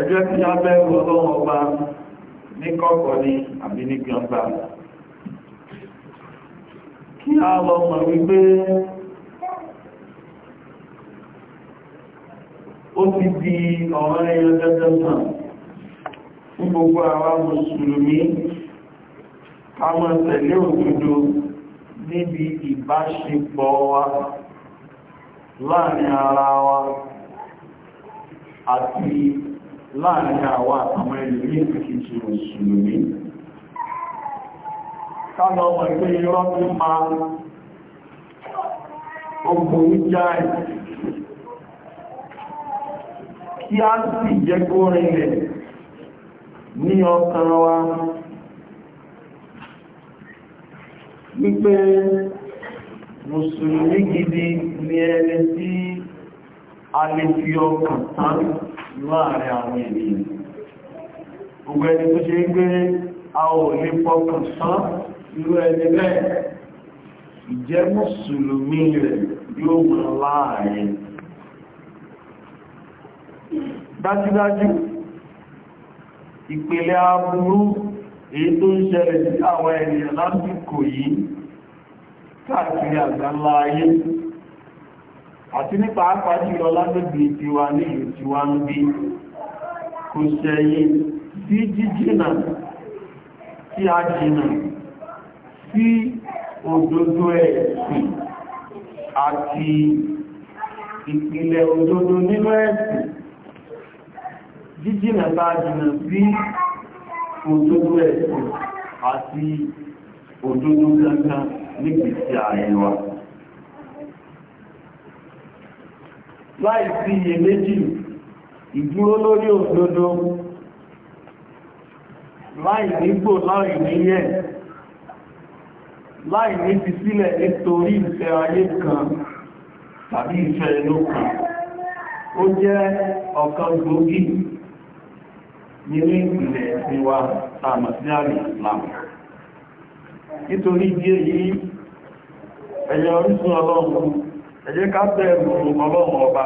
ẹjọ́ tí a bẹ̀rù ọlọ́run ọba ní kọ́kọ́ ni àbí ní kí a lọ mọ̀ wípé ó ti di ọ̀rọ̀ ẹyọ dandan sàn fún gbogbo àwa mùsùlùmí ká máa níbi ìbáṣepọ̀ wa láàrin ara wa àti láàrin àwa àtàwọn ẹlòmí kìí ṣe mùsùlùmí kálọ̀ ọmọ ìpé irọ́ tó máa ogun jáì kí a sì jẹ́ kó rinlẹ̀ ní ọkàn wa wípé mùsùlùmí gidi ni ẹni tí a lè fi ọkàn tán láàrin àwọn ènìyàn gbogbo ẹni tó ṣe gbé a ò lè fọkàn sán irú ẹni bẹ́ẹ̀ ìjẹ́ mùsùlùmí rẹ̀ yóò mọ̀ láàrin dájúdájú ìpele aburú èyí tó ń ṣẹlẹ̀ sí àwọn ènìyàn lásìkò yìí káàkiri àgbáńlá ayé àti nípa àpàjìlọ lágbègbè tiwa ní ìlú tiwa ń bí kò sẹ́yìn sí jíjìnà tí a jìnà sí òdodo ẹ̀sìn àti ìpìlẹ̀ òdodo nínú ẹ̀sìn jíjìnà tá a jìnà sí òdodo ẹ̀sìn àti òdodo gangan nígbèsí ààrẹ Láìsí sí iye méjì ìdúró lórí òdodo láì nígbò láì níyẹ̀ láì ní fi sílẹ̀ nítorí ìfẹ́ ayé kan tàbí ìfẹ́ inú kan ó jẹ́ ọ̀kan gbòógì nínú ìpìlẹ̀ ẹ̀sìn wa tààmà sí àrí Islam nítorí díẹ̀ èyí, ẹ̀yà orísun ọlọ́run ẹ jẹ́ ká bẹ̀rù ọlọ́run ọba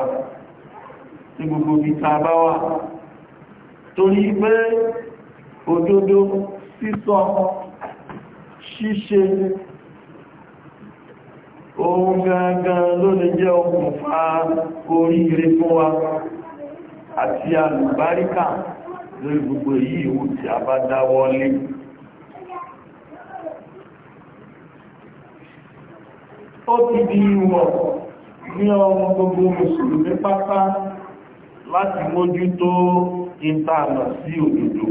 ní gbogbo ìta bá wà torí pé òdodo sísọ ṣíṣe ohun gangan ló lè jẹ́ okùnfà oríire fún wa àti àlùbáríkà lórí gbogbo èyí ìwò tí a bá dáwọ́lé ó ti di ìwọ̀ ní ọmọ gbogbo mùsùlùmí pátá láti mójútó ìtààlà sí òdodo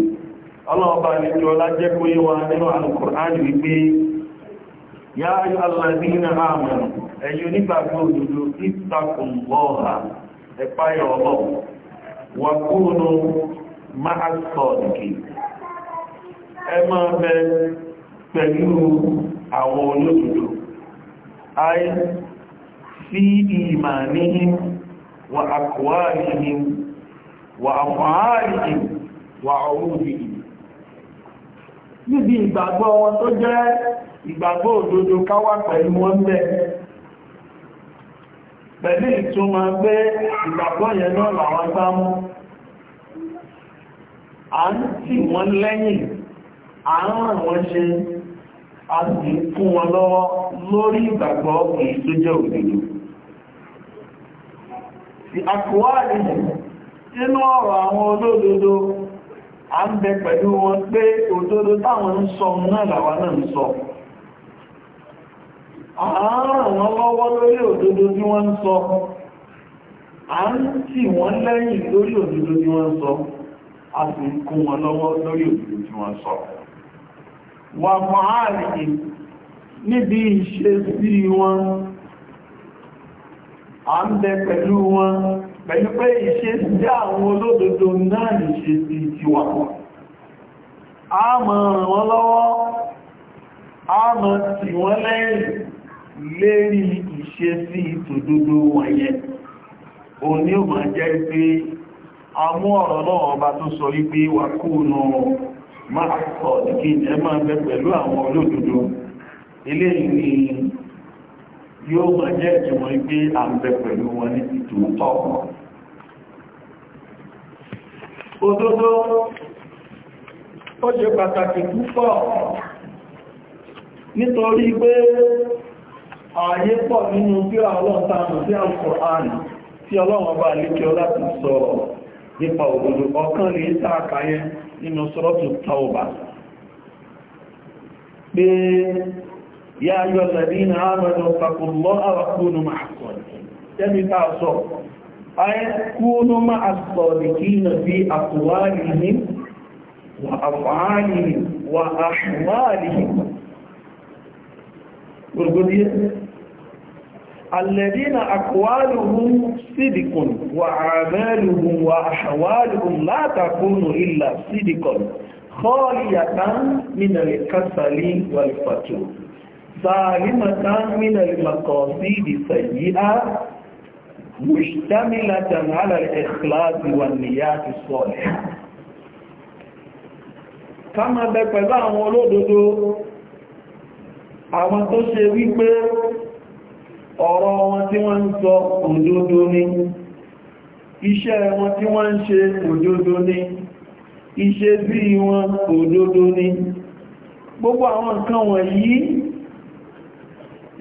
ọlọ́ọ̀bá àlejò ọlá jẹ́ kó yé wa nínú Al-Qur'an wípé yá ayọ́ alàdínà àmàrà ẹ̀yìn onígbàgbọ́ òdodo ìtàkùn lọ́ọ̀hà ẹ fi imanihim wa akwalihim wa afaalihim wa ọrúdihim níbi ìgbàgbọ́ wọn tó jẹ́ ìgbàgbọ́ òdodo káwà pẹ̀lú wọn bẹ̀ pẹ̀lú ìtumọ̀ pé ìgbàgbọ́ yẹn náà làwọn gbá mú a ń tì wọ́n a ń wọ́n a sì fún wọn lọ́wọ́ lórí ìgbàgbọ́ ti àkùwárí nínú ọ̀rọ̀ àwọn olódodo a ń bẹ pẹ̀lú wọn pé òdodo táwọn ń sọ náà làwa náà ń sọ àáràn wọn lọ́wọ́ lórí òdodo tí wọ́n ń sọ a ń tì wọ́n lẹ́yìn lórí òdodo tí wọ́n ń sọ a sì ń kún wọn lọ́wọ́ lórí òdodo tí wọ́n sọ wà mọ́ àárín níbi ìṣesí wọn a ń bẹ pẹ̀lú wọn pẹ̀lú pé ìṣe sí àwọn olódodo náà ṣe sí tiwa a mọ̀ ràn lọ́wọ́ a mọ̀ tì wọ́n leere lérí ìṣe sí ìtòdodo o òní o máa jẹ́ pé a mú ọ̀rọ̀ náà ọba tó sọ wípé wà kúrò máa sọ ìkí máa bẹ pẹ̀lú àwọn olódodo eléyìí ni yóò mọ̀ jẹ́ ìwọ̀n wípé à ń bẹ pẹ̀lú wọn ní ìtòótọ́ wọn òdodo ó ṣe pàtàkì púpọ̀ nítorí pé ààyè pọ̀ nínú bí ọlọ́run tánà sí Al-Qur'an tí ọlọ́run bá lékẹ́ láti sọ nípa òdodo ọ̀kan lè sáàkàyẹ nínú Suratu Tawbah pé يا أيها الذين آمنوا اتقوا الله وكونوا مع الصالحين تبقى صوت أي كونوا مع الصالحين في أقوالهم وأفعالهم وأحوالهم والقدير الذين أقوالهم صدق وأعمالهم وأحوالهم لا تكون إلا صدقا خالية من الكسل والفتور سالمة من المقاصد سيئة مشتملة على الإخلاص والنيات الصالحة كما بẹ̀pẹ̀lá àwọn olódodo àwọn tó ṣe wípé ọ̀rọ̀ wọn tí wọ́n ń sọ òdodo ni iṣẹ́ wọn tí wọ́n ń ṣe òdodo ni iṣẹ́ bí wọn òdodo ni gbogbo àwọn nǹkan wọ̀nyí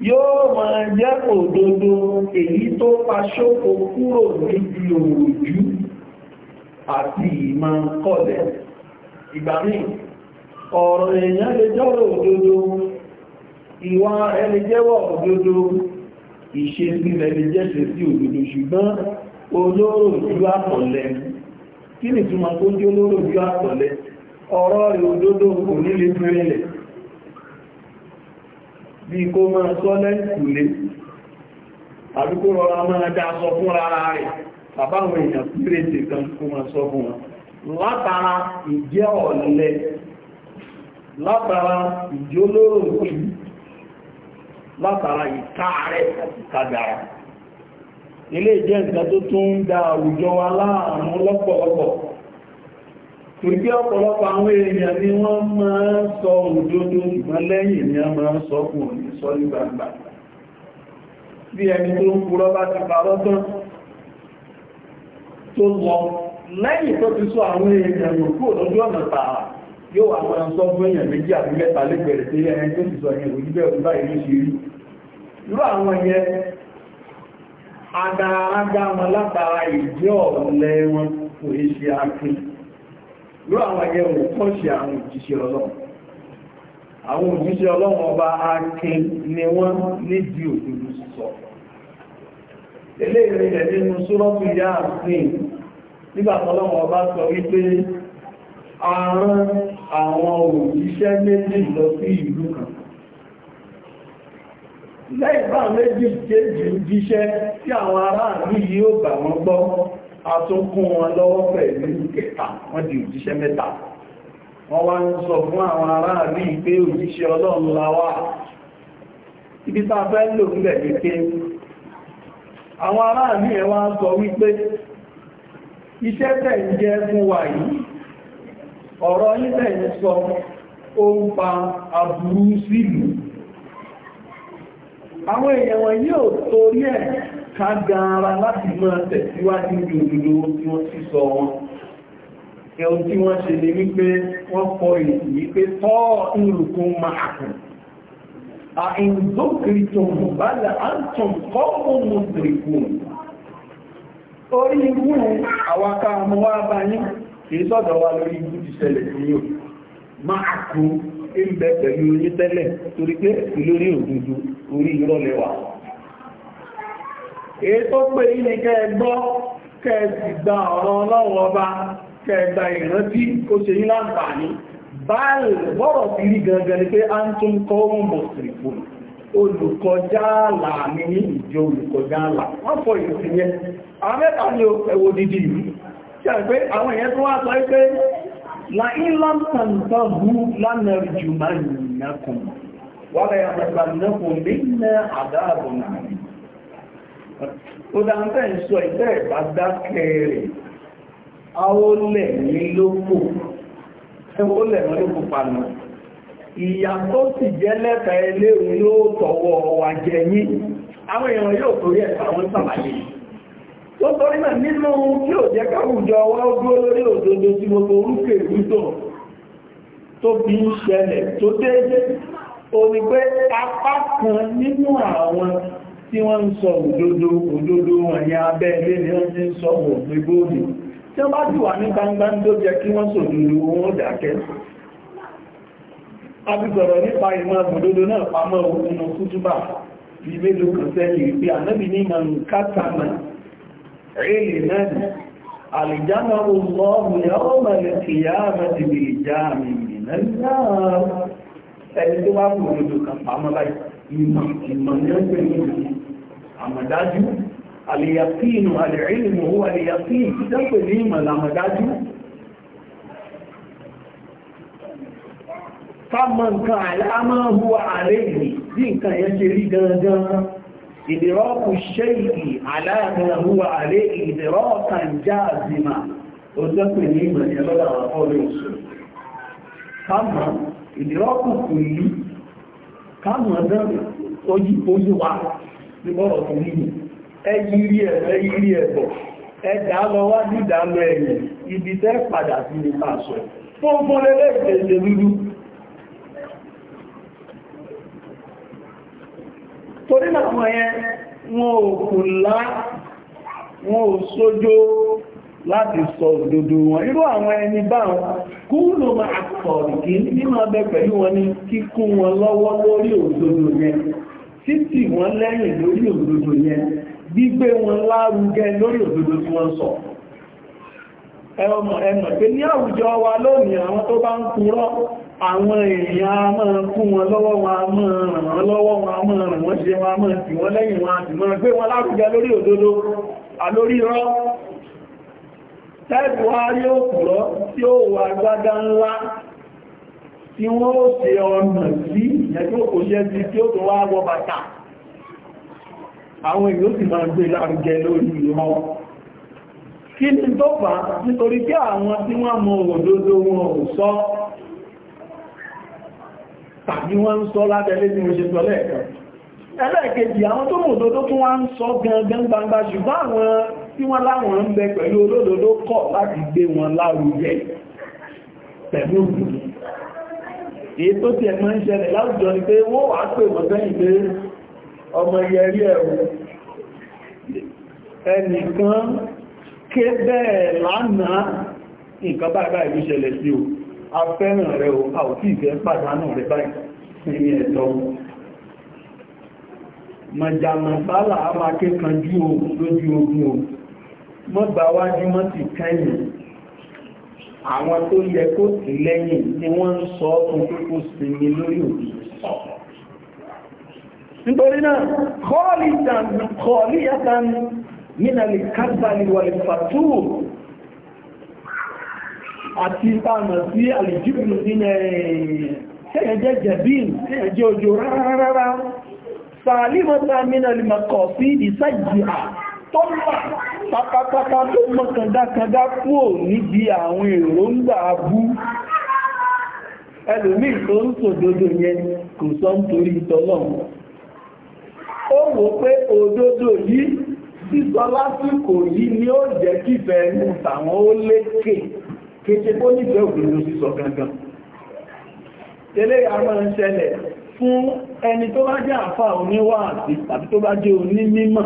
yóò máa jẹ́ òdodo èyí tó paṣókò kúrò níbi òòjú àti ìmọ̀ kọlẹ̀ ìgbà míì ọ̀rọ̀ èèyàn lè jọ́rọ̀ òdodo ìwà ẹni jẹ́wọ̀ òdodo ìṣe sílẹ̀ lè jẹ́ṣẹ̀ sí òdodo ṣùgbọ́n olóró ojú àpọ̀lẹ̀ kí ni túnmọ̀ tó jẹ́ olóró ojú àpọ̀lẹ̀ ọ̀rọ̀ òdodo kò nílé pẹ́rẹ́lẹ̀ bí kó máa sọ lẹ́ǹkùlé tàbí kó rọra máa dá sọ fún rárá rẹ̀ bàbá àwọn èèyàn kan kó máa sọ fún wọn látara ìjẹ́ ọ̀lẹ látara ìjólóró pẹ̀lú látara ìkáàrẹ̀ àti ìkágara ilé ìjẹ́ nǹkan tó tún ń da Ìgbé ọ̀pọ̀lọpọ̀ àwọn èèyàn ni wọ́n máa ń sọ òjòjò ìgbọ́n ni a máa ń sọ fún òní sọ ní gbangba. Bí ẹni tó ń bá ti parọ́ tán tó lọ lẹ́yìn tó ti sọ àwọn èèyàn yòókù lójú ọ̀nà tààrà yóò wà sọ fún èèyàn méjì àti mẹ́ta lẹ́gbẹ̀rẹ̀ ẹni tó ti sọ ẹ̀yìn báyìí ṣe rí. Irú àwọn yẹn ló àwọn ẹ̀yẹ wò tọ́ṣì àwọn òjíṣẹ́ ọlọ́run àwọn òjíṣẹ́ ọlọ́run ọba akin ni wọ́n nídìí òdodo sọ eléyìí rẹ̀ nínú sọ́rọ́pù ìyá àfin nígbà tọ́lọ́run ọba sọ wípé àrán àwọn òjíṣẹ́ méjì lọ sí ìlú kan lẹ́yìn bá méjì kéjì jíṣẹ́ tí àwọn aráàlú yìí ó gbà wọ́n gbọ́ a tún kún wọn lọ́wọ́ pẹ̀lú kẹta wọ́n di òjíṣẹ́ mẹ́ta wọ́n wá ń sọ fún àwọn aráàlú pé òjíṣẹ́ ọlọ́run la wá ibi tá fẹ́ lò ní àwọn wá ń sọ wípé iṣẹ́ tẹ̀ ń fún yìí ọ̀rọ̀ sọ ó ń pa aburú àwọn èèyàn yóò torí ẹ̀ ká gara láti máa tẹ̀síwájú ní òdòdó tí wọ́n ti sọ wọn ẹ̀hùn tí wọ́n ṣe lè wípé wọ́n kọ ìrìsì wípé tọ́ ìrùkún máa kùn a ìzókìrìtò bàlẹ̀ àtùn kọ́kùn mùsùlùkùn orí ikú àwaka àmúwá bá ní kìí sọ́dọ̀ wa lórí ikú ti ṣẹlẹ̀ sí yóò máa kú ń bẹ pẹ̀lú onítẹ́lẹ̀ orí ìrọ̀lẹ́wàá èyí tó pè yí ni kẹ́ ẹ gbọ́ kẹ́ ẹ sì gba ọ̀rọ̀ ọlọ́run ọba kẹ́ ẹ gba ìrántí kó ṣe yín láǹfààní báyìí bọ́rọ̀ sí rí gangan ni pé a kọ́ ohun wọ́n fọ ìrìnsì kò ní ní àdáàbò náà ó dáńtẹ́ ń sọ ìtẹ́ ìbá dákẹ́ rẹ̀ a ó lẹ̀ ní lókò ó lẹ̀ ní lókò pàánù ìyà tó sì jẹ́ lẹ́ta eléwu yóò tọwọ́ wà jẹ yín àwọn èèyàn yóò torí ẹ̀ta wọn sàlàyé tó torí náà nínú tí ò jẹ́ káwùjọ wá ó dúró lórí òdodo tí mo tó orúkè rúdò tó fi ń ṣẹlẹ̀ tó déédé o ní pé apá kan nínú àwọn tí wọ́n ń sọ òdodo òdodo wọn ní abẹ́ ilé ni wọ́n ti ń sọ òpin tí wọ́n bá ti ní gbangba tó jẹ kí wọ́n sòdodo wọn ó dákẹ́ a nípa ìmọ̀ òdodo náà pamọ́ òkúnnù kútúbà bí mélòó kan sẹ́yìn pé ìmọ̀ àmọ̀dájú àlèyàfíìnù àlèrílìmù owó àlèyàfíìn tí tẹ́pẹ̀ ní ìmọ̀ làmọ̀dájú fámọ̀ nǹkan àìlámọ́hu ààrẹ ìlú bí nǹkan yẹn ṣe rí gangan ìdìrọ́kù ṣẹ́ìkì aláàmọ́hu ààrẹ ìdìrọ́kàn jáàzìmà ó tẹ́pẹ̀ ní ìmọ̀ yẹn lọ́dà ọ̀rẹ́ òṣèlú kámọ̀ ìdìrọ́kù kù yìí ojú wa nígbọ́rọ̀ tó yìí ẹ yìí ẹ̀ ẹ ẹ dà wá dídà ibi tẹ́ padà sí ní máa sọ fófó lẹ́lẹ́ torí làwọn yẹn ò sójó láti sọ òdodo wọn irú àwọn ẹni máa pẹ̀lú wọn ní kíkún wọn lọ́wọ́ lórí títì wọn lẹ́yìn lórí òdodo yẹn gbígbé wọn lárugẹ lórí òdòdó tí wọ́n sọ ẹmọ̀ pé ní àwùjọ wa lónìí àwọn tó bá ń kúrò àwọn èèyàn a máa kún wọn lọ́wọ́ wọn a máa ràn wọ́n lọ́wọ́ wọn a máa ràn wọ́n ṣe wọn a máa tì wọ́n lẹ́yìn wọn máa gbé wọn lárugẹ lórí àlórí rọ́ wá rí òkúrọ́ tí ó wà gbádá ńlá tí wọ́n ó ṣe ọ̀nà sí ẹgbẹ́ òṣẹ́ sí tí ó tó wá wọ bàtà àwọn èyí ó sì máa gbé lárugẹ lórí wọn kí ni tó fà nítorí pé àwọn tí wọ́n mọ òdodo wọn ò sọ tàbí wọ́n ń sọ lábẹ́lé tí mo ṣe sọ lẹ́ẹ̀kan ẹlẹ́ẹ̀kejì àwọn tó mọ òdodo tó wá ń sọ gangan gbangba ṣùgbọ́n àwọn tí wọ́n láwọn ń bẹ pẹ̀lú olódodo kọ̀ láti gbé wọn lárugẹ pẹ̀lú òdodo èyí tó ti ẹ̀mọ́ ń ṣẹlẹ̀ láwùjọ ni pé wọ́n wà pè wọ́n sẹ́yìn pé ọmọ yẹrí ẹ̀rù ẹnìkan ké bẹ́ẹ̀ lánàá nǹkan báyìí báyìí ṣẹlẹ̀ sí o a fẹ́ràn rẹ̀ o a ò tí ìfẹ́ pàdánù rẹ̀ báyìí ní ẹ̀tọ́ mọ̀jàmọ̀sálà a àwọn tó yẹ kó tì lẹ́yìn ni wọ́n ń sọ fún kókó sinmi lórí òbí nítorí náà kọ́ọ̀lì kọ́ọ̀lì yàtà nínà lè kábà ní wàlẹ̀ fàtú àti ìpàmà sí àlèjìbìnú nínú ẹ̀yẹjẹ́ jẹ̀bìn ẹ̀yẹjẹ́ òjò rárárárá sàálìmọ́ta mínà lè mọ̀kọ̀ sí ìsájì à tọ́lá pátápátá tó mọ́ kàndákàndá kúò níbi àwọn èròǹgbà abú ẹlòmí tó ń sòdodo yẹn kò sọ nítorí tọ́lọ́run ó wò pé òdodo yìí sísọ lásìkò yìí ni ó jẹ́ kífẹ́ ẹnu tàwọn ó lékè kéṣe kó nífẹ́ òdodo sísọ gangan tẹ́lẹ̀ àwọn ìṣẹ̀lẹ̀ fún ẹni tó bá jẹ́ àfà oníwàásí tàbí tó bá jẹ́ onímímọ̀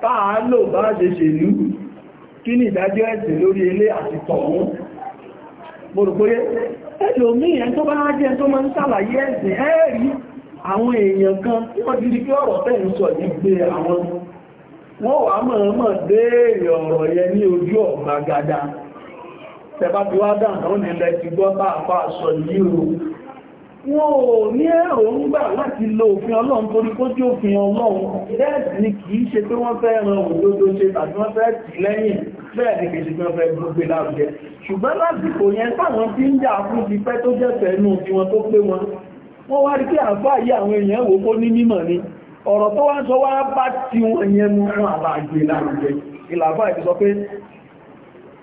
Taa lò bá ṣe ṣèlú kí ní ìdájọ́ ẹ̀sìn lórí ilé àti tọ̀hún mọ̀rùkóyé ẹlòmíì ẹn tó bá jẹ́ tó máa ń sàlàyé ẹ̀sìn ẹ́ẹ̀rí àwọn èèyàn kan wọ́n ti rí ọ̀rọ̀ gbé àwọn wọn ò ní èròǹgbà láti lo òfin ọlọ́run torí kó tí òfin ọlọ́run bẹ́ẹ̀ ni kìí ṣe pé wọ́n fẹ́ ran òdodo ṣe tàbí wọ́n fẹ́ tì lẹ́yìn bẹ́ẹ̀ ni kìí ṣe pé wọ́n fẹ́ gbogbo lárugẹ ṣùgbọ́n lásìkò yẹn táwọn tí ń jà fún ti pẹ́ tó jẹ́ fẹ́nu tí wọ́n tó pé wọn wọ́n wá rí pé àfáà yí àwọn èèyàn wò kó ní mímọ̀ ni ọ̀rọ̀ tó wá sọ wá bá ti wọn yẹn mú fún àbájé lárugẹ ìlàfáà ti sọ pé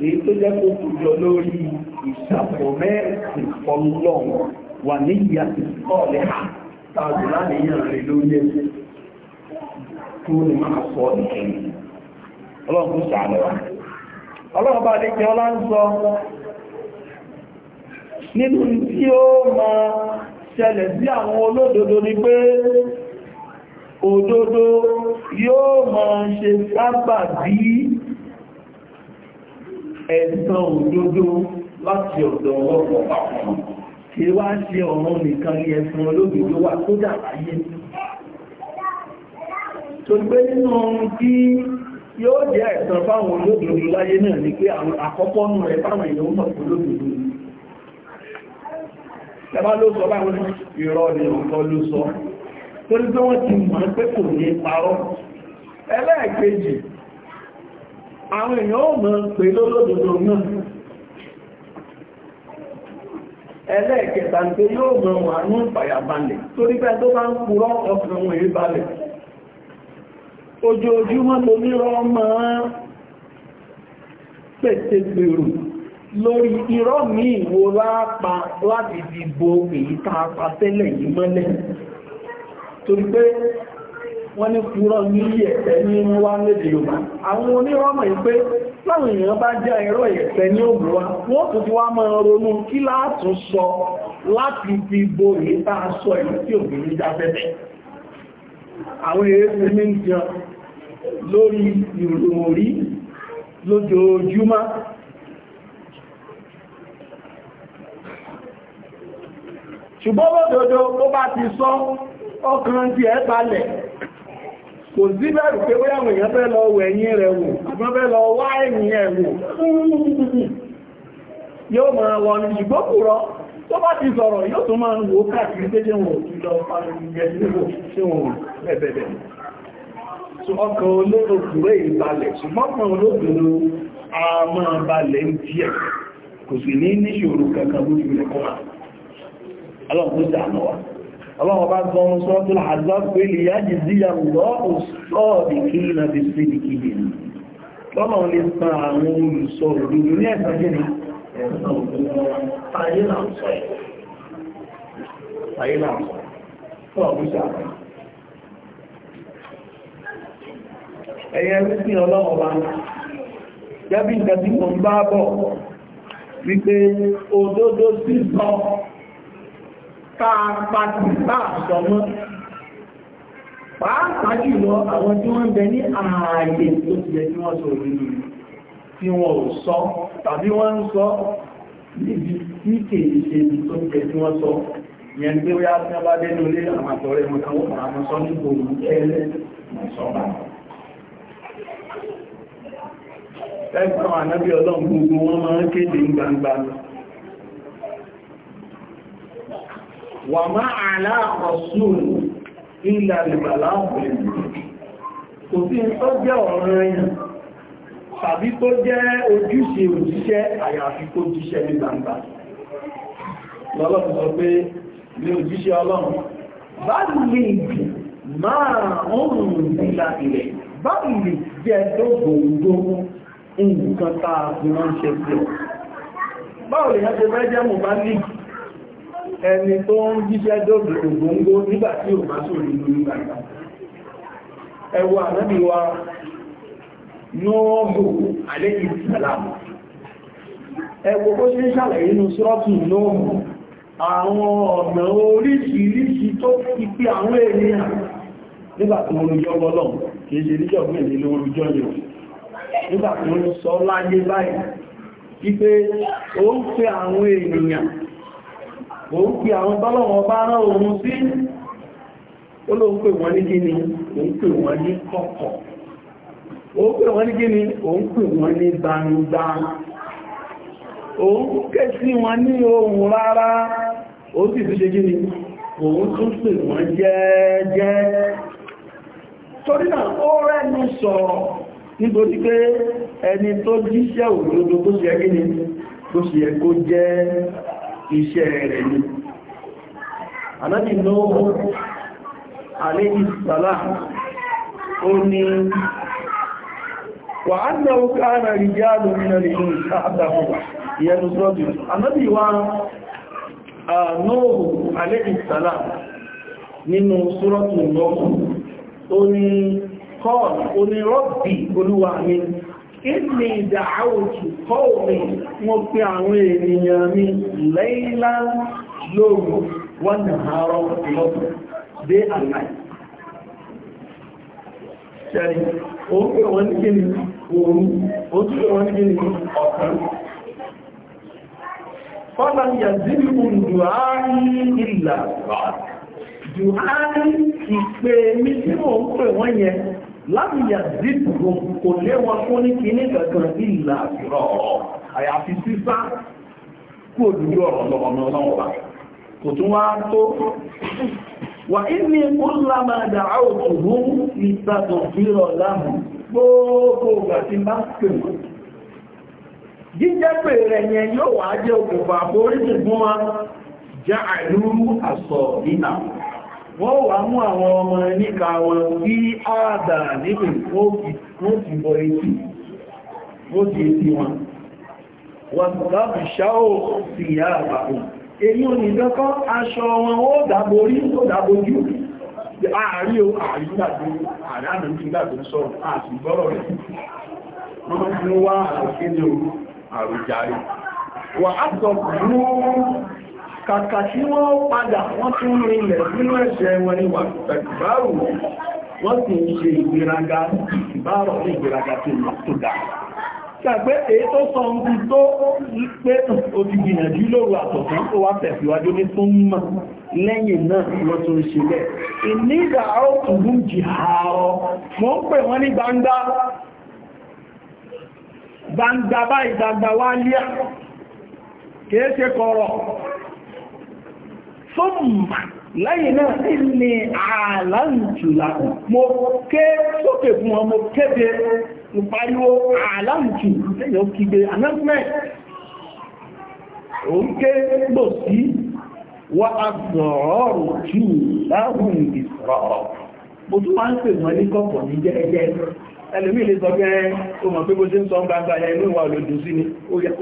èyí tó jẹ́ kó kù jọ lórí ìṣàfọ̀mẹ́ẹ̀sì ọlọ́run wà ní ìyá ti kọ́ọ̀lẹ̀ ha tààdù láàrín rẹ̀ lórí ẹgbẹ́ tó ní máa sọ ìkẹyìn ọlọ́run tó ṣàlẹ̀ wa ọlọ́run bá lè jẹ́ ọlá ń sọ nínú tí ó máa ṣẹlẹ̀ sí àwọn olódodo òdodo yóò máa ṣe sábà ẹ̀sán òdodo láti ọ̀dọ̀ ọlọ́pọ̀ pàpọ̀ kí wá ṣe ọ̀run nìkan ní ẹ̀sán olódodo wà tó dà láyé tó gbé nínú ohun tí yóò jẹ́ ẹ̀sán fáwọn olódodo láyé náà ni pé àwọn àkọ́kọ́ nù rẹ̀ fáwọn èèyàn mọ̀ olódodo ẹ̀bá ló sọ báwọn ìrọ̀ ni ọ̀kan ló sọ torí pé wọ́n ti mọ̀ pé kò ní parọ́ ẹlẹ́ẹ̀kejì àwọn èèyàn ò mọ̀ pé lólódodo náà ẹlẹ́ẹ̀kẹta ń yóò mọ̀ wà ní torí pé tó bá ń purọ́ ọkùnrin wọn balẹ̀ ojoojúmọ́ tó nírọ́ máa pèsè gbèrò lórí irọ́ mi ìwò láti dìbò èyí yìí torí pé wọ́n ní púrọ̀ ní ẹ̀fẹ́ ní wá lédè Yorùbá àwọn onírọ́mọ̀ ìpé láwọn èèyàn bá jẹ́ ẹ̀rọ ẹ̀fẹ́ ní òbúrú wa wọ́n tún ti wá mọ́ ronú kí láàtún sọ láti fi bo èyí a sọ èyí tí ní ọkàn ti ẹ̀ balẹ̀ kò sí bẹ̀rù pé wé àwọn èèyàn fẹ́ lọ wọ ẹ̀yìn rẹ̀ wò àbọ́n fẹ́ lọ wá ẹ̀yìn ẹ̀ wò yóò wọ ní ìgbókùrọ tó bá ti sọ̀rọ̀ yóò máa ń wò káàkiri tẹ́jẹ́ wọn ò tún lọ ọkàn olóòkùnrẹ́ ìbalẹ̀ ṣùgbọ́n ọlọ́run bá gbọ́n mú sọ́tù àzọ́ pé lè yá jì sí àwùrọ̀ òṣìṣọ́ọ̀dì kí ní ọdí sí ní kíyè ní lọ́nà lè san àwọn olùsọ òdúdú ní ẹ̀sán jẹ́ ní ẹ̀yẹ wípé ọlọ́run tààpá ti tààsọ mọ́ pàápàá jùlọ àwọn tí wọ́n ń bẹ ní ààyè tó ti jẹ́ tí wọ́n sọ nínú tí wọ́n ò sọ tàbí wọ́n ń sọ níbi tí kèèyàn ṣe ibi tó jẹ́ tí wọ́n sọ yẹn gbé wíyá tí wọ́n bá dé ní orí àwọn àtọ̀rẹ́ wọn kan wọ́n máa mọ́ sọ nígbò mú wà máa aláàkọ̀sùn ilẹ̀ ìbàlá kò sí tó jẹ́ ọ̀rọ̀ ẹ̀yàn tàbí tó jẹ́ ojúṣe òjíṣẹ́ àyàfi kó jíṣẹ́ ní gbangba lọ́lọ́pù sọ pé ní òjíṣẹ́ ọlọ́run bá lè jù máa ọ̀rùn ìlà ilẹ̀ bá lè jẹ́ dógóngó nǹkan ẹni tó ń jíṣẹ́ dọ́dù ògbóngbó nígbà tí ò bá sórí lórí gbàgbà ẹwà náàbí wa ẹwọ ṣe ń inú sọ́ọ̀tù àwọn ọ̀nà oríṣiríṣi tó fi àwọn ènìyàn nígbà tí wọ́n kìí ṣe níjọ́ gbẹ̀lẹ̀ lórí jọ mo ń pè àwọn tọ́lọ́wọ́n bá rán òun sí ó ló ní kí ni pè wọ́n ní kọ̀kọ̀ ó pè wọ́n ní kí ni pè wọn ní ohun òun tún pè wọ́n jẹ́ẹ́jẹ́ torí ó rẹ́nu sọ̀rọ̀ pé ẹni tó jíṣẹ́ tó ṣe tó ṣe iṣẹ́ rẹ̀ ni anábì lóòrò aléìsàlá ó ní wà á lọ kára rí já lómìnà lè ní àdàkùnwà ìyẹnu sọ́bì anábì wá nóòrò aléìsàlá nínú sọ́rọ̀tù lọ́pù ó ní kọ́ọ̀lù ìní ìdàáwòtù kọ́wọ̀mí wọ́n pé àwọn ènìyàn mi lẹ́ìlá lóòrùn wọ́n nà àárọ̀ lọ́pọ̀ dé àláì ṣẹ́rì ó pé wọ́n ní kí ni oòrùn ó tí wọ́n ní kí ni ọ̀kan fọ́nà láti yàgbé gbogbo kò lé wọn fún ní kíní kankan ìlà àbúrò àyàfi sísá kú òdúdú ọ̀rọ̀ lọ́wọ́ lọ́wọ́ kò tún wá tó wà ní kúlámà dàá òtùrú fírọ̀ láàmù gbogbo ìgbà bá pè wọ́n jíjẹ́ rẹ̀ yẹn yóò wá jẹ́ òkùnfà fún wa já àsọ̀ ìnáwó wọ́n wà mú àwọn ọmọ níka wọn bí ààdà níbi wọ́n ti bọ̀ etí wọ́n ti etí wọn wọ́n tàbí ṣáò sí ìyá àpapò èyí onígbẹ́kọ́ aṣọ wọn ó dàborí ó dàbojú ààrí o ààrí gbàgbé àdánà ní gbàgbé sọ́rọ̀ àti gbọ́rọ̀ rẹ̀ wọ́n ti wá àrùkẹ́ ní òru àrùjáre wà á sọ fún kàkà tí wọ́n padà wọ́n tún rinlẹ̀ nínú ẹ̀ṣẹ̀ wọn ni wà pẹ̀lú wọ́n sì ń ṣe ìgbéraga ìbárọ̀ ní ìgbéraga tó dá pé èyí tó sọ ohun tó pé òbí gbìyànjú lóru àtọ̀tán tó wá tẹ̀síwájú ní tó ń mọ̀ lẹ́yìn náà wọ́n tó ń ṣe lẹ̀. ìnígbà áòkùnrin jìhàrọ̀ mọ́ ń pè wọ́n ní gbangba gbangba báyìí gbangba wá líà kìí ṣe kọ̀rọ̀ sọ́mà láyé náà ilé àlàǹtùlà mo ké sókè fún wọn mo kéde ìpariwo àlàǹtù lẹ́yìn òkìgbé announcement òun ké gbò sí wọ́n àgbọ̀ọ̀rù jù láhùn ìsọ̀rọ̀ mo tún máa ń pè wọ́n ní kọ́kọ̀ ní jẹ́ẹ́jẹ́ ẹlùmí ilé sọ pé o mọ̀ pé bó ṣe ń sọ gbangba ẹ̀ inú ìwà olódùn sí ni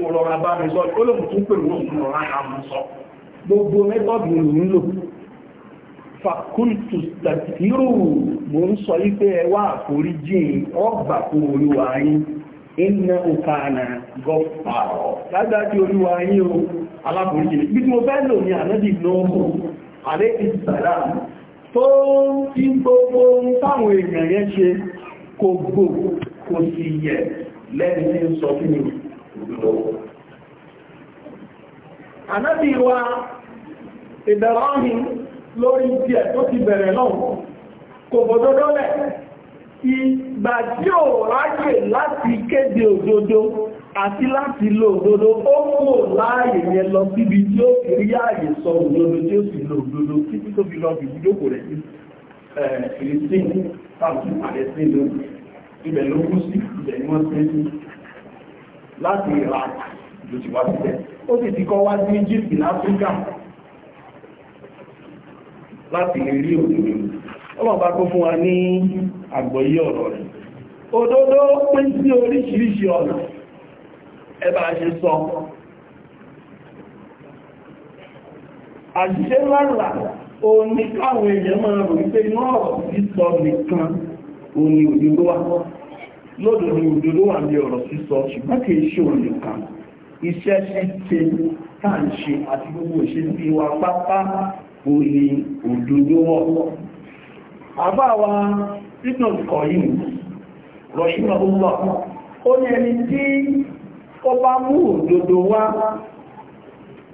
ó rọra bá mi sọ gbogbo mẹ́tọ́dù ló ń lò fakultus tàbírù mo ń sọ wípé ẹ wá àforíjì ọgbà anyị olúwa yín iná òkàànà gọ́pàrọ̀ lágbàájú olúwa yín o aláforíjì bí mo fẹ́ lò ní ànábì lọ́mọ to ìsàlá tó ń gbogbo ń táwọn èèyàn yẹn ṣe kò gbò Ibrahim lórí díẹ̀ tó ti bẹ̀rẹ̀ náà kò bọ̀dọ́dọ́lẹ̀ ìgbà tí ò ráyè láti kéde òdodo àti láti lo òdodo ó mú láàyè yẹn lọ síbi tí ó fi rí ààyè sọ òdodo tí ó sì lo òdodo títí tó fi lọ bí ìdókò rẹ̀ sí Filistin tàbí Palestine lónìí ibẹ̀ ló kú sí ibẹ̀ ni wọ́n ti sí láti Iraq ló ti wá síbẹ̀ ó sì ti kọ́ wá sí Egypt in Africa láti lè rí òdòdó ọlọ́run bá kó fún wa ní àgbọ́yé ọ̀rọ̀ rẹ̀ òdòdó pín sí oríṣiríṣi ọ̀nà ẹbà ṣe sọ àṣìṣe lára òní káwọn èèyàn máa rò wípé inú ọ̀rọ̀ sísọ nìkan òní òdòdó wa lódòdó òdòdó wà ní ọ̀rọ̀ sísọ ṣùgbọ́n kìí ṣe òní kan iṣẹ́ ṣe ṣe táà ń ṣe àti gbogbo ìṣesí wa pápá orí òdúdó wọ́pọ̀. Àbáwa títọ̀ kọ̀ yìí, Rọ̀ṣínà Olúwa, ó ní ẹni tí ó bá mú òdodo wá,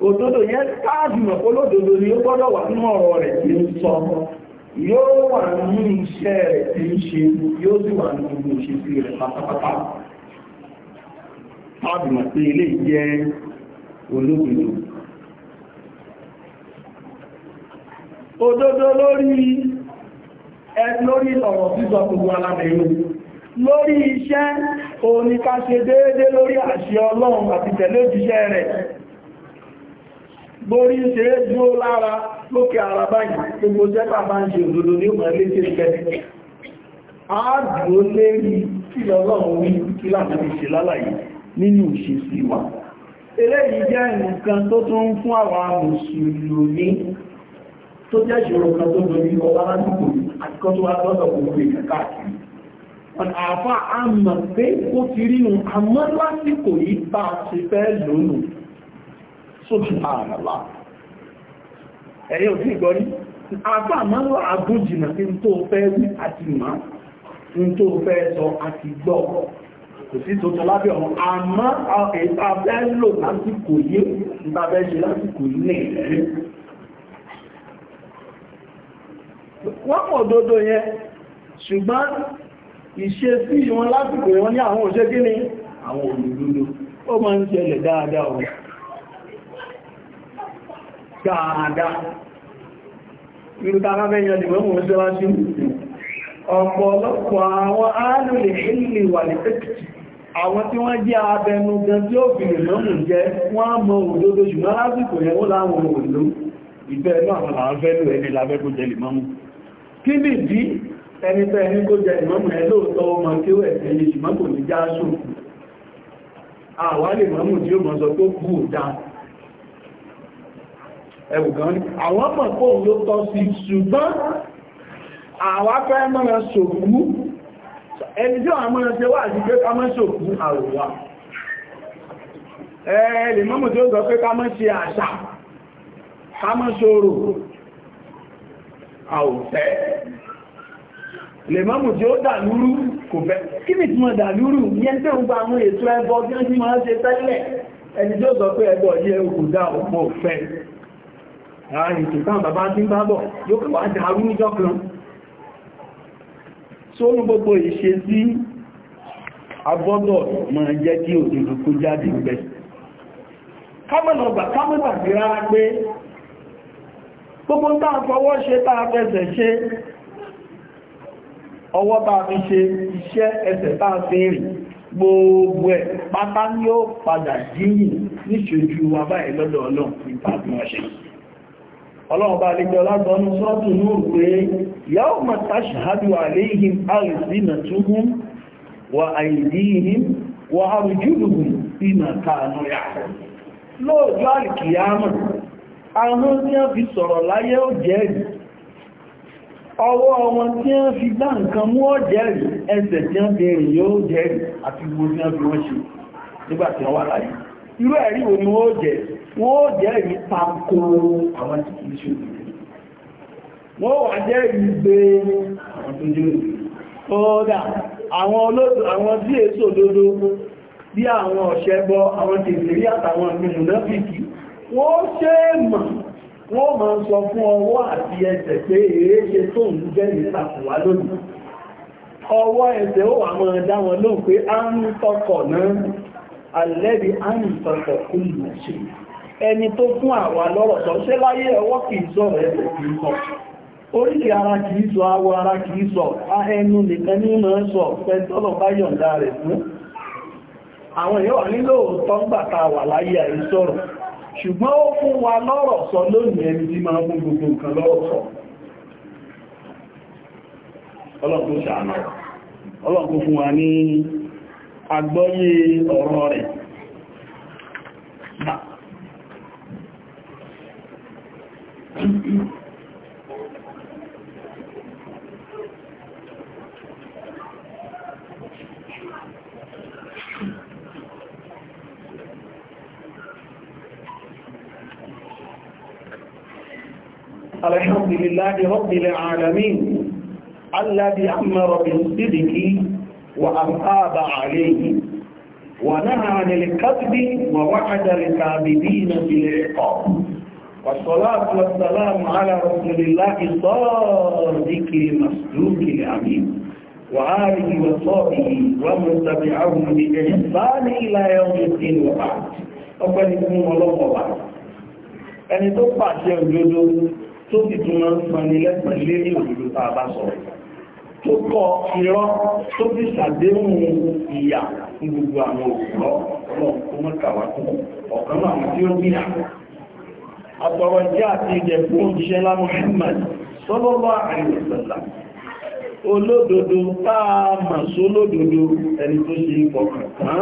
òdodo yẹn káàdùnà olódodo ni ó gbọ́dọ̀ wà nínú ọ̀rọ̀ rẹ̀ ń sọ, yóò wà nínú yóò wà òdodo lórí lórí ọ̀rọ̀ sísọ gbogbo alábẹ̀rẹ̀ lórí iṣẹ́ òní ká ṣe déédé lórí àṣẹ ọlọ́run àti tẹ̀lé òjíṣẹ́ rẹ̀ borí ṣe é dúró lára lókè ara báyìí gbogbo jẹ́ bàbá ń ṣe òdodo ní ọmọ ilé ṣe ìfẹ́ àádùó lérí kí lọ́lọ́run wí kí láti fi ṣe lálàyé nínú ìṣesí wa eléyìí jẹ́ nǹkan tó tún fún àwọn mùsùlùmí tó jẹ́ ìṣòro kan tó lórí ọwá lásìkò àti kan tó wá lọ́dọ̀ gbogbo ìkà káàkiri wọn àfá àmà pé ó ti rí nu àmọ́ lásìkò yìí bá a ti fẹ́ lónù sójú àràlá ẹ̀yìn òfin ìgbọ́rí àfá àmọ́ lọ àbójìnà sí tó fẹ́ wí àti màá ń tó fẹ́ sọ àti gbọ́ kò sí tuntun lábẹ́ ọ̀run àmọ́ ẹ̀ta fẹ́ lò lásìkò yìí ń bá fẹ́ ṣe lásìkò yìí nìyẹn wọ́n mọ̀ òdodo yẹn ṣùgbọ́n ìṣesí wọn lásìkò wọn ní àwọn òṣè kí ni àwọn olùdúdó ó máa ń ṣẹlẹ̀ dáadáa ọ̀ dáadáa ìrútàrà mẹ́yàn lè mọ́ mọ́ síwájú ọ̀pọ̀lọpọ̀ àwọn alùlẹ̀ ilẹ̀ wà ní pẹ́kìtì àwọn tí wọ́n jẹ́ abẹnugan tí ó bìnì lọ́mù jẹ́ wọ́n á mọ òdodo ṣùgbọ́n lásìkò yẹn ó láwọn òlú ìbẹ́ náà àwọn àfẹ́lú ẹni lábẹ́kú jẹ́ lè mọ́mù kí lè bí ẹni tẹ́ ẹni kó jẹ ìmọ́mù ẹ lóòtọ́ ọmọ kí ó ẹ̀sẹ̀ yìí ṣùgbọ́n kò ní jáṣù àwálè mọ́mù tí ó mọ́ sọ kú dá ẹ̀wùgán àwọn ló tọ́ sí ṣùgbọ́n fẹ́ mọ́ra ṣòkú ẹni tí wọ́n mọ́ra ṣe wà sí pé ká mọ́ ṣòkú àrùwà ẹ̀ẹ́lì mọ́mù tí ó pé ká a ò Le lè mọ́mù tí ó dà kò fẹ́ kí ni tí wọ́n dà lúrú tí ó gba àwọn ètò ẹbọ tí wọ́n ti máa ṣe tẹ́lẹ̀ ẹni tí ó sọ pé ẹbọ yẹ òkú dá òpó fẹ́ láàrin tí bàbá tí ń bá bọ̀ yóò kọ̀ kan gbogbo ń tàà fọwọ́ ṣe tàà fẹsẹ̀ ṣe ọwọ́ tàà fi ṣe iṣẹ́ ẹsẹ̀ tàà fi rìn gbogbo ẹ̀ pátá ní ó padà díyìn níṣojú wa báyìí lọ́dọ̀ ọlọ́run nípa bí wọ́n ṣe ọlọ́run bá lè jọ lóòjọ́ àìkìyàmọ̀ ahọ́n tí wọ́n fi sọ̀rọ̀ láyé ó jẹ́rìí ọwọ́ wọn tí wọ́n fi gbá nǹkan mú ó jẹ́rìí ẹsẹ̀ tí wọ́n fi rìn yóò jẹ́rìí àti gbogbo tí wọ́n fi wọ́n ṣe nígbà tí wọ́n wà láyé irú ẹ̀rí wo ni wọ́n jẹ́ wọ́n jẹ́rìí tako àwọn tí kìí ṣe wọ́n wà jẹ́rìí gbé àwọn tó jẹ́ kódà àwọn olóòtú àwọn tí wọ́n ṣe mà, wọ́n ń sọ fún ọwọ́ àti ẹsẹ̀ pé èé ṣe tó ń jẹ́ ìtàkùwá lónìí ọwọ́ ẹsẹ̀ ó wà máa dá wọn lóhùn pé a ń tọkọ̀ náà alẹ́bí a ń ṣe ẹni tó fún àwà lọ́rọ̀ ṣé láyé ọwọ́ kìí sọ̀rọ̀ ẹsẹ̀ kìí sọ ara kìí sọ awọ ara kìí sọ ahẹnu nìkan ní ṣùgbọ́n ó fún wa lọ́rọ̀ sọ lónìí ẹni tí máa fún gbogbo nǹkan lọ́rọ̀ sọ ọlọ́pọ̀ ṣàánà ọlọ́pọ̀ fún wa ní agbọ́yé ọ̀rọ̀ rẹ̀ Thank you. الحمد لله رب العالمين الذي أمر بالصدق وأرآب عليه ونهى عن الكذب ووعد الكاذبين بالعقاب والصلاة والسلام على رسول الله الصادق المصدوق الأمين وآله وصحبه ومن تبعهم بإحسان إلى يوم الدين وبعد أقول لكم الله وبعد أن تطبع شيء tó sì tún máa ń fani lẹ́sàn lé ní òdodo tá a bá sọ̀rọ̀ tó kọ irọ́ tó sì ṣàdéhùn ìyà fún gbogbo àwọn òkúrọ́ ọlọ́run tó mọ́ta wá kú ọ̀kan náà àwọn tí ó bí yà àtọ̀rọ̀ jẹ́ àti ìjẹ̀ fún òjíṣẹ́ lá Muhammad sọ́lọ́lọ́ àìrìnlẹ́sọ̀lá olódodo táa mà sólódodo ẹni tó ṣe ìfọ̀kàn tán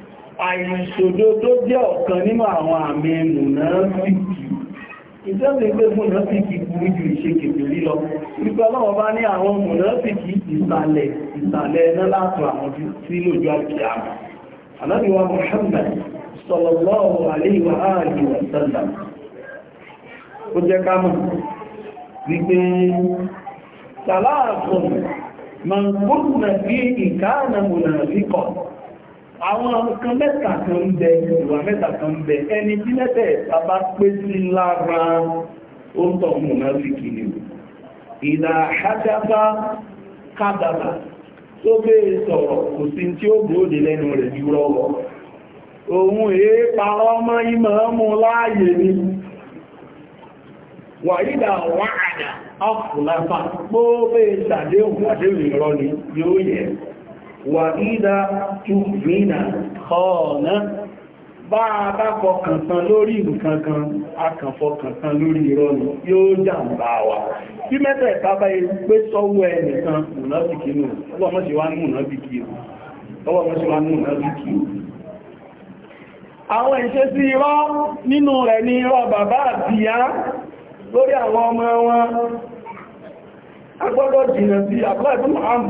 àìṣòdodo jẹ́ ọ̀kan nínú àwọn àmì ẹnu náà fìkì ìjọ́sìn pé múnàfíkì burú ju ìṣekèpè lílọ nípa ọlọ́wọ́ bá ní àwọn múnàfíkì ìsàlẹ̀ ìsàlẹ̀ ẹ̀nà látọ̀ àwọn tí lójú àkíyà ànábíwá Muhammad sallallahu alaihi wa alihi wa sallam ó jẹ́ ká àwọn nǹkan mẹ́ta kan ń bẹ ìwà mẹ́ta kan ń bẹ ẹni tí mẹ́tẹ̀ bàbá pé sí lára ó ń tọ̀ mọ̀ náà fi kìíní ìlà àjábá kádàbà tó bèèrè sọ̀rọ̀ kò sí tí ó gbóòdè lẹ́nu rẹ̀ ju rọ́wọ́ òun èé mọ́ ìmọ̀ mú láàyè ni wàídà wáàdà ọkùnláfà gbóòbèèrè sàdéhùn àdéhùn ìrọ́ wàídá túnfìnà ọ̀nà bá a bá fọkàn tán lórí nǹkan kan akànfọkàn tán lórí ìrọ̀nù yóò jàmbá wa bí mẹ́ta mẹ́tẹ̀ ìtàbá pé sọ́wọ́ ẹnìkan múnábìkì nù ọlọ́mọ́sí wá múnábìkì àwọn ìṣesí irọ́ nínú rẹ̀ ni irọ́ bàbá àbíyá lórí àwọn ọmọ wọn agbọ́dọ̀ jìnà sí àbúrà ìbúmọ̀ àmì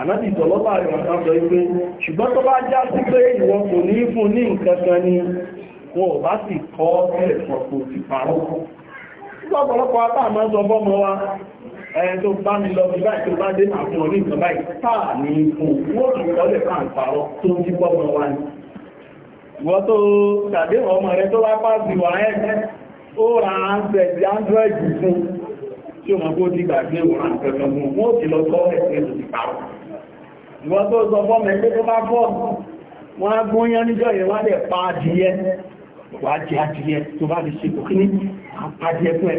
ànábì ìtọ̀lọ́bà rẹ̀ wọ́n sọ wípé ṣùgbọ́n tó bá já sí pé ìwọ kò ní fún ní nǹkan ni wọn ò bá sì kọ́ ẹ̀sọ̀ kò sì parọ́ lọ́pọ̀lọpọ̀ apá àmọ́ sọ fọ́mọ wa ẹni tó bá mi lọ bí báyìí tó bá dé àfún orí nǹkan báyìí táà ní fún wọ́n kì í kọ́lẹ̀ káà ń parọ́ tó ń dípọ́ mọ́ ó ra ánsẹ̀tì ándrọ́ẹ̀dì fún tí ó mọ̀ kó ti gbàgbé òun àǹkẹ̀kẹ̀ fún wọ́n kì lọ kọ́ ẹ̀sẹ̀ ti parọ́ ìwọ́n tó sọ fọ́mọ̀ ẹgbẹ́ tó bá fọ́ wọ́n á gún yán níjọ́ yẹn wọ́n lẹ̀ pa adìyẹ wà á jẹ adìyẹ tó bá lè ṣe kò kíní àpàdìyẹ fún ẹ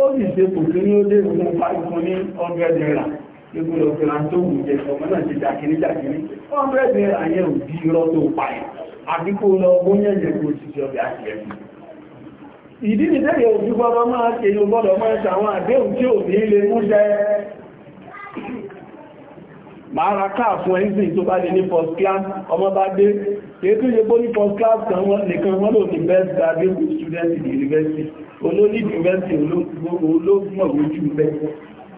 ó sì ṣe kò kíní ó dé ìwọ̀n fún ní 100 naira nígbò lọ fi ràn tó wù jẹ ọmọ náà ti jàkíní jàkíní 100 naira yẹn ò bí irọ́ tó pa ẹ̀ àdíkò lọ gún yán yẹn kò sì ṣe ọbẹ̀ adìyẹ fún ìdí nìtẹ́yẹ̀ òjú gbọ́dọ̀ máa ṣe yóò gbọ́dọ̀ máa ṣe àwọn àdéhùn tí ò ní ilé múṣẹ́ máa ra káà fún ẹ́sìn tó bá lè ní first class ọmọ bá dé ètò ìyẹ́gbó ní first class kan wọ́n nìkan wọ́n lò ní best graduate student in university olóní university olóògbọ̀n ojú bẹ́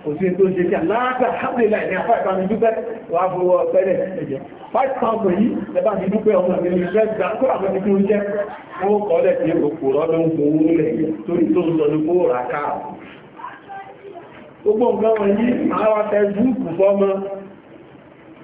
kò sí tó ṣe kí aláàgbà hábìlá ìrìn àfáìkà ní dúpẹ́ wà fọwọ́ pẹ́rẹ̀ ẹ̀jẹ̀ 5,000 yìí lẹ́bà ní dúpẹ́ ọmọ ìrìn ìrẹ́gbà kó àwọn ẹni tó ń jẹ́ owó kọ́lẹ̀ tí òkú rọ́dún fún owó rẹ̀ torí tó ń sọ ní kó rà káà gbogbo nǹkan wọ̀nyí àwọn tẹ́sùkù fọ́mọ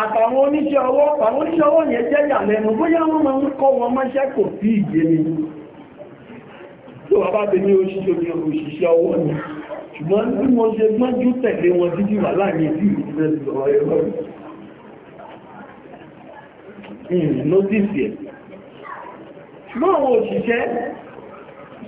àtàwọn oníṣẹ́ ọwọ́ àwọn oníṣẹ́ ọwọ́ yẹn jẹ́ ìyàlẹ́nu bóyá wọ́n máa ń kọ́ wọn mọ́ṣẹ́ kò sí ìgbé ni tó bàbá bẹ ní òṣìṣẹ́ ní òṣìṣẹ́ ọwọ́ ni ṣùgbọ́n bí mo ṣe gbọ́njú tẹ̀lé wọn títí wà láàrin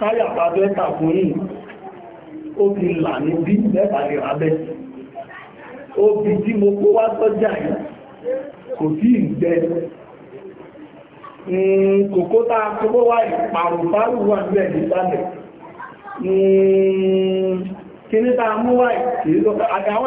táyà bá bẹ́ tàkùn yìí ó ti là ní bí mẹ́ta lè rà bẹ́ obì tí mo kó wá tọ́jà yìí kò tí ìgbẹ́ kòkó tá a kó wá ìpàrùpárù wà ní ẹ̀dí sálẹ̀ kí ní tá mú wá ìpàrùpárù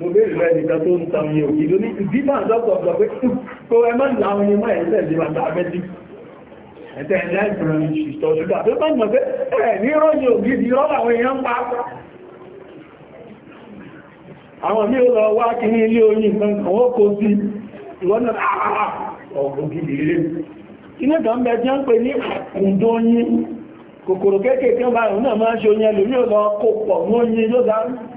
mo bèèrè rẹ̀ nìkan tó ń tan iye òkè lóní ìdíbà dọ́pọ̀ ọ̀gbọ̀ pé kó ẹ máa láwọn iye máa ẹ̀ẹ́sẹ̀ ìdíbà tàbẹ́dì ẹ̀tẹ́ ẹ̀dá ìbìnrin ìṣìṣọ́ ṣúgbà tó bá mọ̀ pé ẹ̀ ní rọ́yìn kí ní ilé oyin kan ah, ah, ah, bẹ jẹ́ ń pè ní àkùndó oyin kòkòrò kéékèèké báyìí náà máa ń ṣe oyin ẹlòmí ò lọ kó pọ̀ mọ́ oyin ló dáa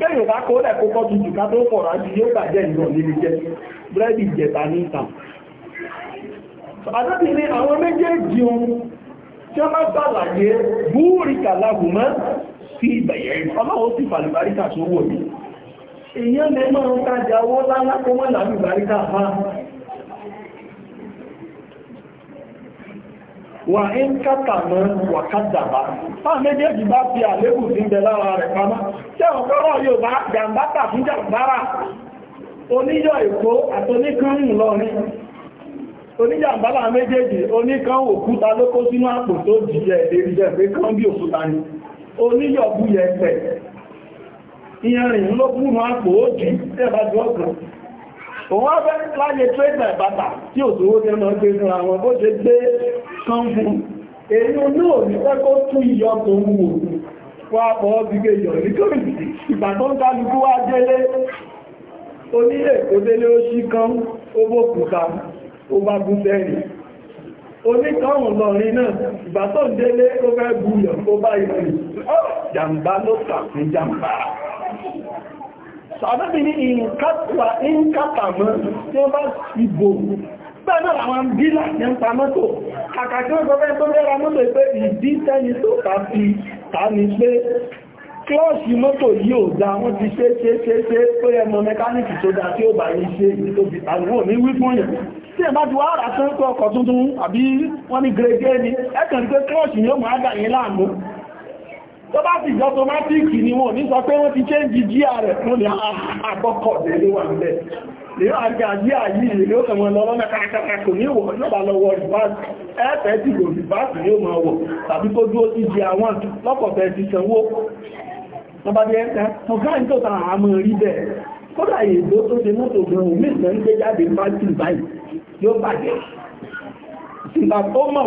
bẹ́yìn bá kó lẹ́kọ́ kọ́ tutù ká tó pọ̀ rájú yóò bàjẹ́ ìrọ̀ níbi jẹ́ jẹta ní ìta àdọ́bì ní àwọn méjèèjì ohun tí ó máa sàlàyé búrìkà lágùnmọ́ sí ìbẹ̀yẹ̀ wà ń wà fáà méjèèjì bá fi sí tẹ́wọ̀n kọ́rọ̀ yóò bá jàmbátà fún jàmbára oníyọ̀ èkó àtoníkan ń lọ rí oníjàmbára méjèèjì oníkan òkúta ló kó sínú àpò tó jìjẹ èrìjẹ pé kán bí òkúta ni oníyọ̀ bú yẹpẹ̀ ìyẹrin ló kúrò àpò ó jì tẹ́bà jù ọ̀kan òun á fẹ́ láyé trédà ìbàtà tí ò tó wóde lọ gbé fún àwọn bó ṣe gbé kán fún wá pọ̀ ọ́bìgbé ìyọ̀ nítorí ìgbà tó ń kálukú wá délé onílé òdélé ó ṣí kan ó bókùta ó bá gún sẹ́rìn oníkọ̀ọ̀hùn lọ́rin náà ìgbà tó ń délé ó fẹ́ búyọ̀ ó bá ìrìn jàmbá ló tàkùn jàmbá sàbẹ́bì ní ìkàtàmọ́ tí ó bá ìbò bẹ́ẹ̀ náà àwọn bílá ní ń pa mọ́tò kàkàkí ó sọ fẹ́ tó mẹ́ra mọ́tò pé ìdí tẹ́ni tó ta fi ni pé klọ́ọ̀ṣì mọ́tò yìí ò dá wọ́n ti ṣe ṣe ṣe ṣe pé ẹmọ mẹkáníkì tó dá tí ó bá yìí ṣe ìdí tó fi tàbíwò ní wípún yẹn tí ẹ bá ti wá rà tán kọ́ ọkọ̀ tuntun àbí ni ẹ̀kàn pé klọ́ọ̀ṣì tó bá ti jọ tomatiki ni wọ́n ní sọ pé wọ́n ti change jíà rẹ̀ fún ní àkọ́kọ̀ ah, lè wà ń bẹ̀ lè wà gbà jíà yìí lè ó kẹwọn lọ lọ́nà kàkàkà kò ní ìwọ̀n lọ́bà lọ́wọ́ rìbáàsì ẹ̀ẹ́fẹ́ ti lò rìbáàsì ní ó máa wọ̀ tàbí kó dúró sí jíà wọn lọ́pọ̀tẹ́ ti sanwó wọ́n bá bí ẹ́ta ọ̀gá ìjọ ta àmọ́ rí bẹ́ẹ̀ kódà èdò tó ṣe mọ́tò gan omi ìgbà ń gbé jáde bá jù báyìí yóò bàjẹ́ ìgbà tó mọ̀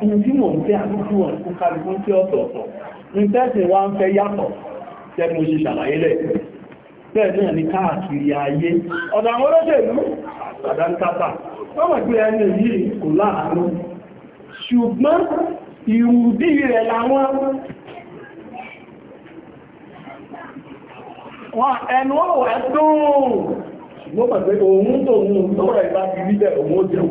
ìpín tí mò ń fẹ́ àkókò wọn fún kálukú tí ọ̀tọ̀ọ̀tọ̀ ní tẹ́sìn wá ń fẹ́ yàtọ̀ tẹ́bí mo ṣe ṣàlàyé lẹ̀ bẹ́ẹ̀ náà ní káàkiri ayé ọ̀dà àwọn olóṣèlú àdáńkátà wọ́n mọ̀ pé ẹni yìí kò láàánú ṣùgbọ́n ìrùdí rẹ̀ làwọn wọn ẹnu ọ̀wà tó ṣùgbọ́n pẹ̀lú òun tó mú tọ́rọ ìbá ti rí òun ó jẹun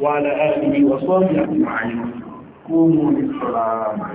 وعلى آله وصحبه أجمعين قوموا بالصلاة